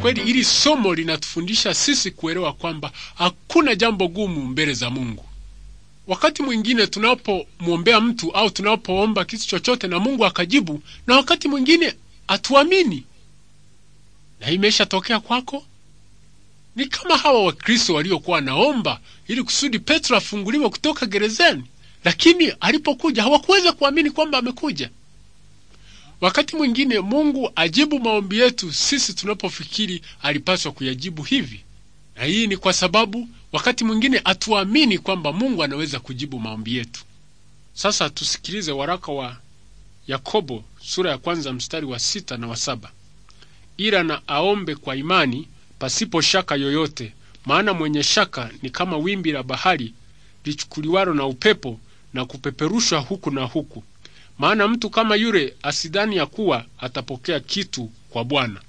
kweli ili somo linatufundisha sisi kuelewa kwamba hakuna jambo gumu mbele za Mungu. Wakati mwingine tunapomwombea mtu au tunapoomba kitu chochote na Mungu akajibu, na wakati mwingine atuamini. Na imesha tokea kwako? Ni kama hawa Wakristo waliokuwa naomba ili kusudi Petro afunguliwe kutoka gerezani, lakini alipokuja hawakuweza kuamini kwamba amekuja. Wakati mwingine Mungu ajibu maombi yetu sisi tunapofikiri alipaswa kuyajibu hivi, na hii ni kwa sababu wakati mwingine hatuamini kwamba Mungu anaweza kujibu maombi yetu. Sasa tusikilize waraka wa Yakobo sura ya kwanza mstari wa sita na wa saba ila na aombe kwa imani pasipo shaka yoyote, maana mwenye shaka ni kama wimbi la bahari lichukuliwalo na upepo na kupeperushwa huku na huku maana mtu kama yule asidhani ya kuwa atapokea kitu kwa Bwana.